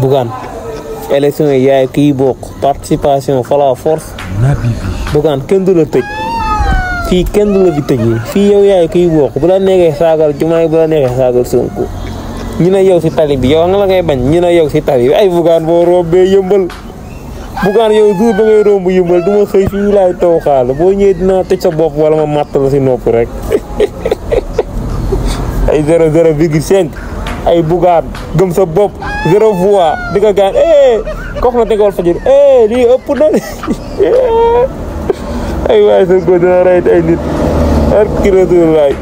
Bougane élection yi yaay participation fala force Bougane kenn du la tëj fii kenn du la fi tëjee fii yow yaay kii bokk bu la neexee saagal jumaay bu la neexee ne yow si tali bi yow nga la ngay bañ ñu ne yow si tali ay Bougane boo rombee yëmbal Bougane yow duur ba ngay romb yëmbal xëy fii laay taw xaal boo ñëwee dinaa tëj sa bopp wala ma matt la si rek ay zéro zéro virgule ay bugaan gëm sa bopp zéro voix di nga gaan eh kooku la teg fajir eh li ëpp na ay way sa ko do rayit ay nit ak rasulullah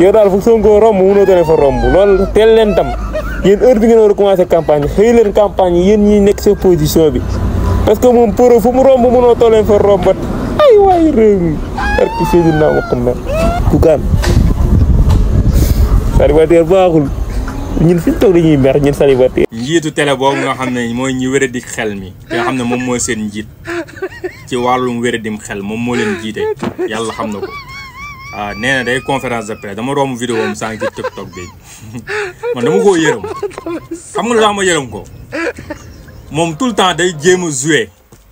yow dal fu rom mu no tane fa rom loolu tel len tam yeen heure bi ngeen wara commencer campagne xey leen campagne yeen ñi nek sa position bi parce que moom pour fu mu romb mu no tole fa rombat ay way réew mi ak seydina muhammad ku gaan célibataire baaxul ñun fi ñu toog dañuy mer ñun célibataire. njiitu télé boobu nga xam ne mooy ñi wéradi xel mi te nga xam ne moom mooy seen njiit ci wàllum wéradim xel moom moo leen jiite yàlla xam na ko waaw ah, nee na day conférence de presse dama romb vidéo am sànq ci TikTok bi man dama koo yërëm xam nga ma yërëm ko moom tout le temps day jéem a jouer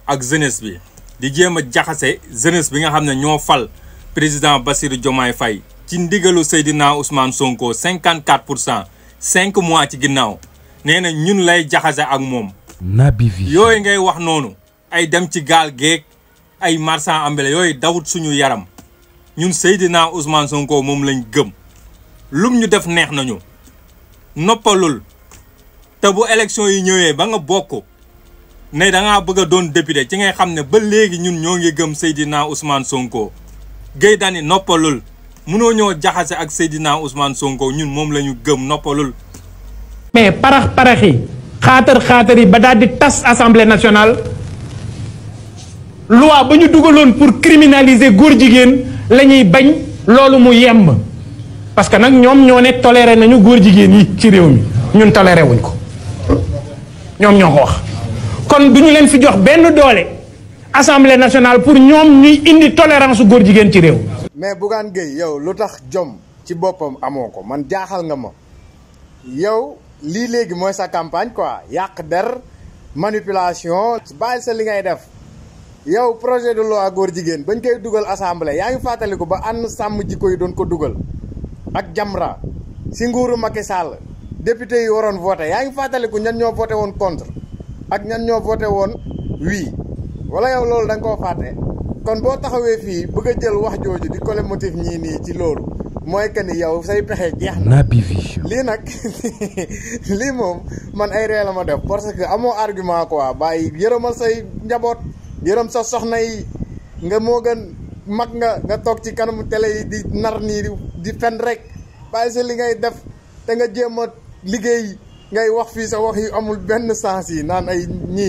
ak jeunesse bi di jéem a jaxase jeunesse bi nga xam ne ñoo fal président Bassirou Diomaye fay ci ndigalu Seydina Ousmane Sonko 54 pour cent. cinq mois ci ginnaaw nee na ñun lay jaxase ak moom. Naby Vision yooyu ngay wax noonu. ay dem ci gaal geeg ay marchand ambulant yooyu dawut suñu yaram ñun Seydina Ousmane Sonko moom lañ gëm lum ñu def neex nañu noppalul te bu élection yi ñëwee ba nga bokk ne da ngaa bëgg a doon député ci ngay xam ne ba léegi ñun ñoo ngi gëm Seydina Ousmane Sonko Guèye Dany noppalul. mënoo ñoo jaxase ak Seydina Ousmane Sonko ñun moom la ñu gëm noppalul. mais parax parax yi xaatar xaatar yi ba daal di tas assemblée nationale loi ba ñu dugaloon pour criminaliser góor jigéen la ñuy bañ loolu mu yemb parce que nag ñoom ñoo ne tolere nañu góor jigéen yi ci réew mi ñun toléré wuñ ko ñoom ñoo ko wax kon du ñu leen fi jox benn doole assemblée nationale pour ñoom ñuy indi tolérance góor jigéen ci réew. mais gan Gueye yow lutax jom ci bopam amoko man jaaxal nga ma yow li legui moy sa campagne quoi yak der manipulation bàyyi sa li ngay def yow projet de loi gor jigen bañ kay duggal assemblée yaangi ba an sam yi don ko duggal ak jamra si nguru Macky Sall député yi waron voter yaangi ngi fàttaliku ñan ñoo voter won contre ak ñan ñoo voter won oui wala yow lolou dang ko faté kon bo taxawé fi bëgg jël wax jooju di collé motif ñi ni ci loolu moy que ni yow say pexé jeex na. bi vi li nak li mom man ay ree ma def parce que amo argument quoi bàyyi yërëmal say njabot yërëm sa soxna yi nga mo gën mag nga nga tok ci télé yi di nar ni di fen rek bàyyi sa li ngay def té nga jéem liggéey ngay wax fi sa wax yi amul ben sens yi nan ay ñi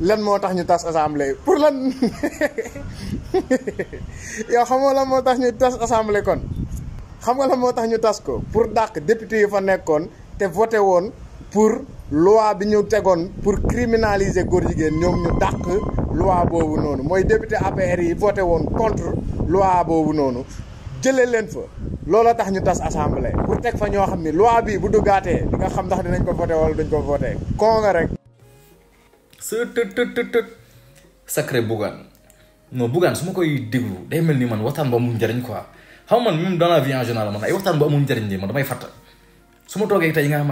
lan moo tax ñu tas assemblée pour lan yow xam nga moo tax ñu tas assemblée kon xam nga lan moo tax ñu tas ko pour dàq député yi fa nekkoon te voté woon pour loi bi ñu tegoon pour criminaliser góor jigéen ñoom ñu dàq loi boobu noonu mooy député APR yi voté woon contre loi boobu noonu jëlee leen fa loola tax ñu tas assemblée pour teg fa ñoo xam ni loi bii bu duggaatee di nga xam ndax dinañ ko voté wala duñ ko voté koo rek. sa tët tët tët tët sacré Bougane non Bougane su ma koy déglu day mel ni man waxtaan bu amul njariñ quoi xam man même dans la vie en général ay waxtaan bu amul njariñ de man damay fàtt su ma toogee tey nga xam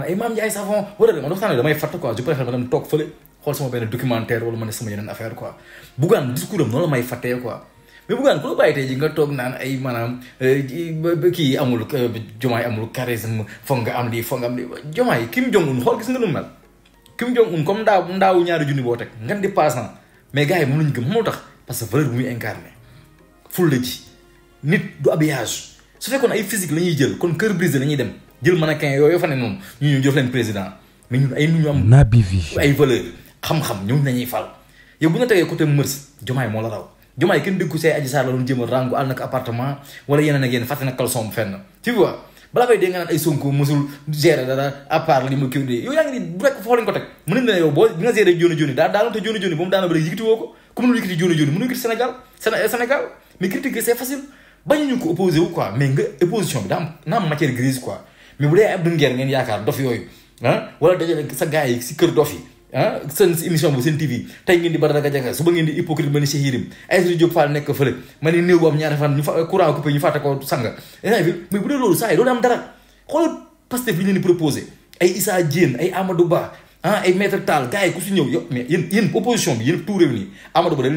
ma dem toog fële xool sama benn documentaire wala ma ne sama am noonu la nga toog naan ay maanaam euh, kii amul jumaay euh, amul charisme foog nga am lii foog nga am lii jumaay Kim Jong Un xool gis nga nu mel Kim Jong Un comme ndaaw ndaawu ñaari boo teg ngan di passant mais gars yi moom lañu gëm moo tax parce du habillage su fekkoon ay physique la ñuy jël kon cœur brisé dem jël mannequin yooyu fa ne noonu ñu ñëw jox président mais ñun ay nit ñu am ay valeur xam-xam ñoom nañuy fal yow bu ñu tegee côté mërs jomaay moo la raw jomaay kenn déggu say aji saar la doon jéem a rangu àll nag appartement wala yeneen ak yeneen fenn tu vois balaa may dee nga naan ay Sonko mosul gérer dara à part li ma dee yow yaa ngi ni rek foo ko teg mën nañ nga gérer jóoni jóoni daa daanoon te Sénégal euh, Sénégal mais critiquer c'est facile bañ ko opposé wu quoi mais nga opposition bi daa am na am matière grise quoi mais bu dee Abdou Nguer ngeen yaakaar dof yooyu ah wala dajale sa gars yi si kër dof yi ah seen émission bu seen TV tey ngeen di Badara Gadiaga suba ngeen di hypocrite ma ni Cheikh Yérim Aïssatou Diop Fall nekk fële ma ni néew bu am ñaari fan ñu fa euh, courant coupé ñu fàtte ko sanga yaa eh, fi mais bu dee loolu saa yi doo am dara xoolal Pastef bi ñu ah, opposition bi yéen tout réuni Amadou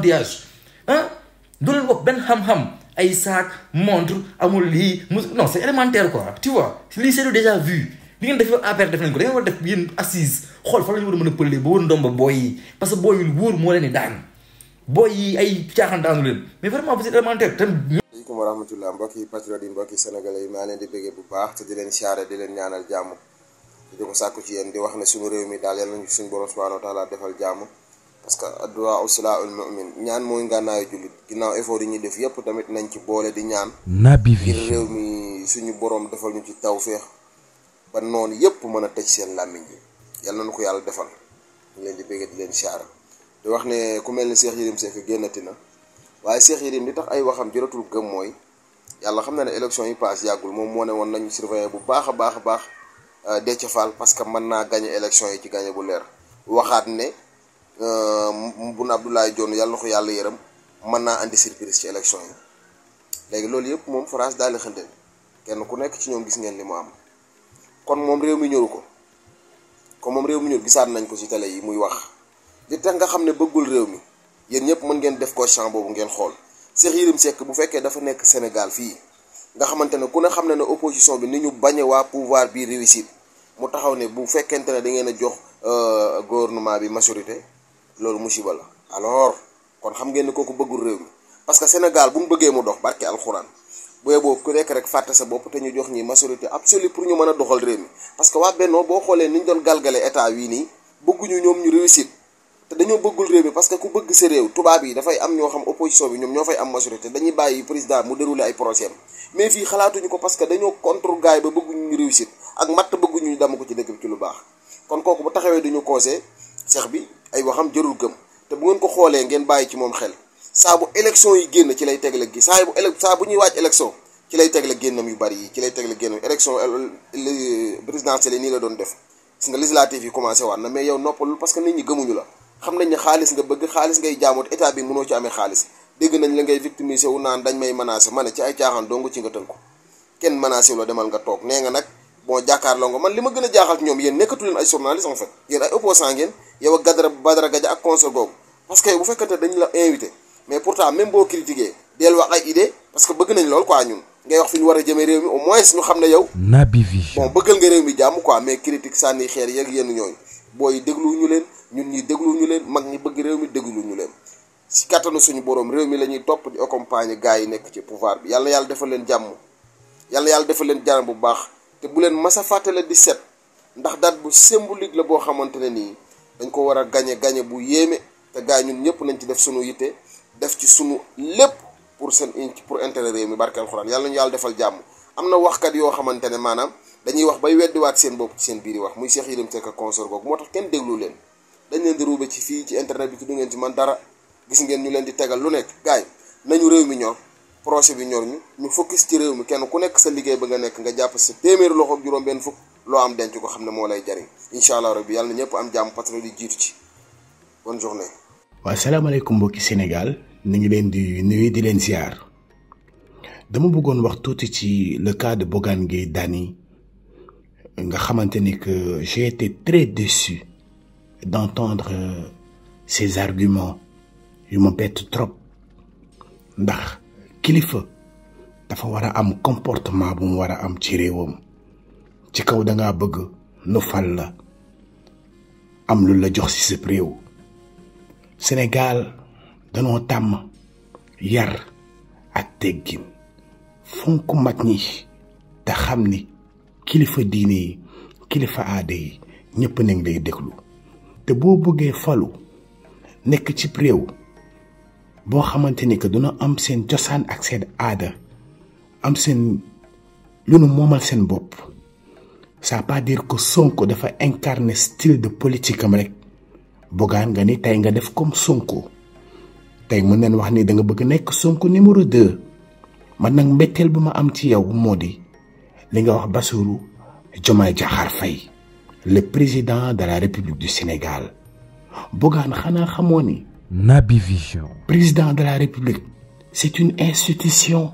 Ba da euh, doo leen wax benn xam-xam ay saak montre amul lii mu non c'est élémentaire quoi tu vois lii c'est déjà vu li ngeen def affaire def nañ ko da ngeen war def yéen assise xool fan la war a mën a pëlee ba wër ndomba booy yi parce que booy yu wóor moo leen di daan booy yi ay caaxaan daanu leen mais vraiment c'est élémentaire tam salaamaaleykum wa rahmatulah mbokki patriote yi mbokki te di leen siyaare di leen ñaanal jàmm di ko sàkku ci yéen di wax ne suñu réew mi daal yal nañu suñu borom subhanahu wa taala defal jàmm parce que adduwaa usilaul mumin ñaan mooy ngànnaayu jullit ginnaaw effort yi def yëpp tamit nañ ci boole di ñaan mi suñu borom defal ñu ci tawféex ba noonu yëpp mën a tëj seen làmmiñ ji yàlla nañu ko yàlla defal ñu di bégge di leen siyaara wax ne ku mel ni Cheikh Yérim Seck génnati na waaye Cheikh Yérim li tax ay waxam jëratul gëm mooy yàlla xam na ne élection yi yàggul moom moo ne woon nañu surveiller bu baax a baax a baax euh, Déthié Fall parce que mën naa gagné election yi ci gagné bu leer waxaat ne bu Boun Abdoulaye jon yàlla na ko yàlla yërëm mën naa andi surprise ci élection yi léegi loolu yëpp moom France daal di xëndal kenn ku nekk ci ñoom gis ngeen li mu am kon moom réew mi ñëru ko kon moom réew mi ñëru gisaat nañ ko ci télé yi muy wax li tax nga xam ne bëggul réew mi yéen ñëpp mën ngeen def ko champ boobu ngeen xool Cheikh Yérim sekk bu fekkee dafa nekk Sénégal fii nga xamante ne ku ne xam ne ne opposition bi ni ñu bañe waa pouvoir bi réussite mu taxaw ne bu fekkente ne da ngeen a jox euh, gouvernement bi majorité loolu musiba la alors kon xam ngeen ne kooku bëggul réew mi parce que Sénégal bu mu bëggee mu dox barke alxuraan bu boobu ku rek rek fàtte sa bopp te ñu jox ñi majorité absolue pour ñu mën a doxal réew mi parce que waa benno boo xoolee ni ñu doon galgale état wii nii bëgguñu ñoom ñu réussir te dañoo bëggul réew mi parce que ku bëgg sa réew tubaab yi dafay am ñoo xam opposition bi ñoom ñoo fay am majorité dañuy bàyyi président mu déroulé ay projet mais fii xalaatuñu ko parce que dañoo contre gaay ba bëgguñu ñu réussir ak matt bëgguñu ñu dam ko ci dëkk bi ci lu baax kon kooku bu taxawee duñu conseil cheikh bi ay waxam jarul gëm te bu ngeen ko xoolee ngeen bàyyi ci moom xel saa bu élection yi génn ci lay tegle gi saa bu élec saa bu ñuy waaj élection ci lay tegle génnam yu bari yi ci lay tegle génnam élection présidentielle yi nii la doon def gis nga législative yi commencé waat na mais yow noppalul parce que nit ñi gëmuñu la xam nañ ne xaalis nga bëgg xaalis bi mënoo ci amee xaalis dégg nañ la ngay victimisé wu naan dañ may menacé ma ne ci ay caaxaan dong ci nga tënku kenn menacé la demal nga toog nee nga nag bon jàkkaarloo nga man li ma gën a jaaxal ci ñoom yéen nekkatu leen ay journaliste en fait yéen ay opposant ngeen yow ak Badara Badara Gadia ak conse googu parce que bu fekkante dañu la invité mais pourtant même boo critiqué del wax ay idée parce que bëgg nañ lool quoi ñun ngay wax fi ñu war a jëmee réew mi au moins ñu xam ne yow. Naby Vision bon bëggal nga réew mi jàmm quoi mais critique sànni xeer yeeg yenn ñooñu booy déglu ñu leen ñun ñi déglu ñu leen mag ñi bëgg réew mi déglu ñu leen. si kattanu suñu borom réew mi la ñuy topp di accompagner gars yi nekk ci pouvoir bi yàlla defal leen jàmm yàlla yàlla leen jàmm bu baax te bu leen masa fàttale di set ndax date bu symbolique la boo xamante ne nii. dañ ko war a gañe gañe bu yéeme te gaa ñun ñëpp nañ ci def suñu yitte def ci sunu lépp pour seen pour intérêt réew mi barke alxuraan yàlla ñu yàlla defal jàmm am na waxkat yoo xamante ne maanaam dañuy wax bay weddiwaat seen bopp ci seen biiri wax muy Cheikh Yérim Seck ak consort googu moo tax kenn déglu leen dañ leen di ruube ci fii ci internet bi ci du ngeen ci man dara gis ngeen ñu leen di tegal lu nekk gars nañu réew mi ñor projet bi ñor ñu ñu focus ci réew mi kenn ku nekk sa liggéey ba nga nekk nga jàpp sa téeméeri loxo ak benn fukk loo am denc ko xam ne moo lay jariñ incha allah rabbi yàlla na ñëpp am jàmm patriote di jiitu ci bonne journée. waaw salaamaaleykum mbokki Sénégal ñu ngi leen di nuyu di leen ziar dama bëggoon wax tuuti ci le cas de Bogan Gueye Dani nga xamante ni que j'ai été très déçu d'entendre ces euh, arguments yu ma bett trop ndax kilifa dafa war a am comportement bu mu war a am ci réewam. ci kaw danga bëgg nu fal la am lu la jox ci sa réew senegal danoo tàmm yar ak teggin fonk mag ñi te xam ni kilifa diine yi kilifa aada yi ñépp nañ lay déglu te boo bëggee falu nekk ci réew boo xamante ni que duna am seen cosaan ak seen aada am seen lu nu moomal seen bopp ça veut pas dire que Sonko dafa incarner style de politique am rek Bougane nga ni nga def comme Sonko tay mën nañ wax ni da nga bëgg nek Sonko numéro 2 man nak mbettel bu ma am ci yow modi li nga wax Bassirou Diomaye Diakhar Fay le président de la République du Sénégal Bougane xana xamoni ni. Vision. président de la République. c'est une institution.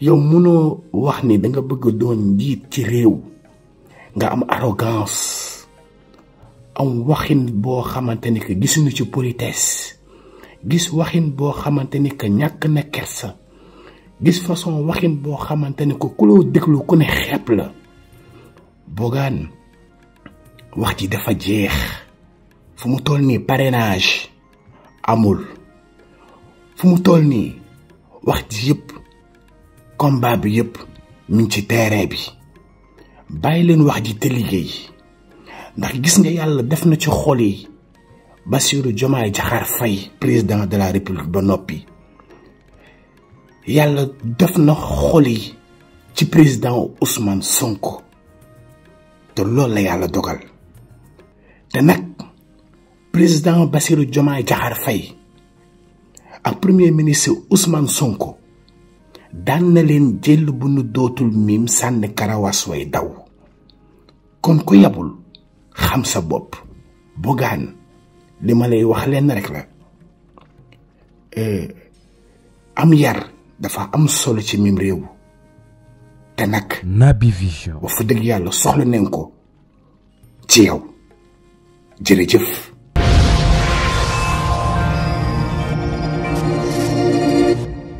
yow mënoo wax ni da nga bëgg doon njiit ci réew nga am arrogance am waxin bo xamanteni que ci politesse gis waxin bo xamanteni que na kersa gis façon waxin bo xamanteni ko que ku ku ne xep la Bougane wax ji dafa jeex fu mu toll ni parrainage amul fu mu toll ni wax ji combat bi ci terrain bi bàyyi leen wax ji te liggéey ndax gis nga yàlla def na ci xol yi Bassirou Diomaye Diakhar fay président de la république ba noppi yàlla def na xol yi ci président Ousmane Sonko te loolu la yàlla dogal te nag président Bassirou Diomaye Diakhar fay ak premier ministre Ousmane Sonko daan na leen jël bu nu dootul mim sànni karawaas way daw kon ku yabul xam sa bopp Bougane li ma lay wax lenn la eh, am yar dafa am solo ci mim réew te nag Naby Vision wax fa dëgg yàlla soxla nañ ko ci yow